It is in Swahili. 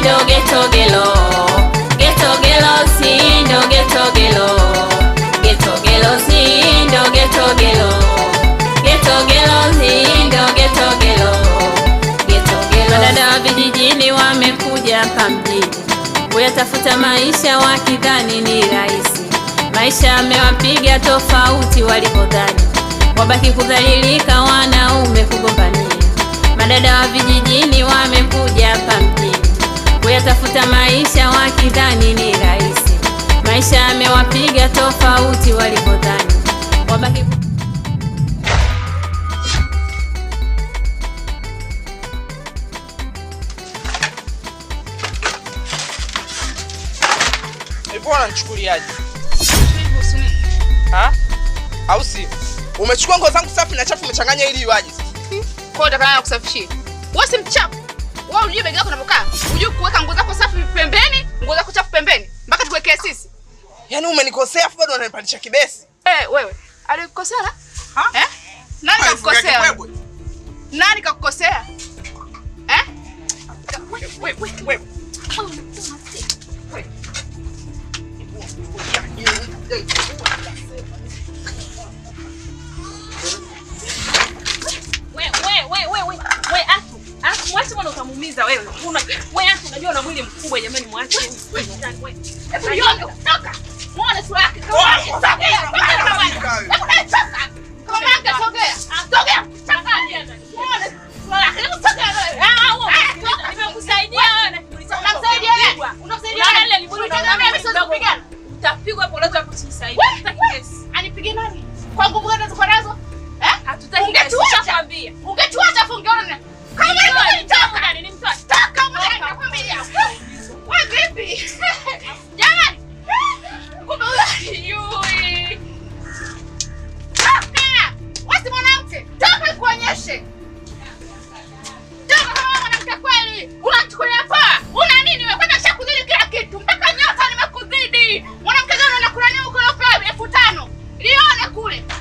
sindo getogelo getogelo sindo sindo sindo dada wa vijijini wamekuja hapa mjini kuyatafuta maisha wakidhani ni rahisi maisha yamewapiga tofauti walipodhani wabaki kudhalilika wanaume kugombania madada wa vijijini wamekuja hapa kudhani ni rahisi. Maisha yamewapiga tofauti walipodhani wabaki Anamchukuliaje? Ha? Au si? Umechukua nguo zangu safi na chafu umechanganya ili iwaje sasa? Kwa hiyo utakana kusafishia. Wewe si mchafu. Wewe unajua begi lako linapokaa? Unajua kuweka nguo zako safi pembeni, nguo zako chafu pembeni mpaka tuwekee sisi. Yaani umenikosea afu bado unanipandisha kibesi. Eh, wewe. Alikukosea la? Ha? Eh? Nani kakukosea? Nani kakukosea? Eh? Wewe, wewe, wewe. Wewe. kuuliza wewe. Una wewe unajua una mwili mkubwa jamani, mwache. Hebu yonge kutoka. Muone sura yake kama anataka. Hebu naitoka. Komanga sogea. Sogea. Muone sura yake. sogea wewe. Ah, wewe. Nimekusaidia wewe na kiburi Unakusaidia wewe. Unakusaidia wewe. Ile liburi chako mimi siwezi kupigana. Utapigwa hapo unaweza Anipige nani? Kwa nguvu gani unazokanazo? hivi? Unachukulia poa? Una nini wewe? Kwanza shakuzidi kila kitu. Mpaka nyota nimekuzidi. Mwanamke gani anakula nini huko elfu tano? Lione kule.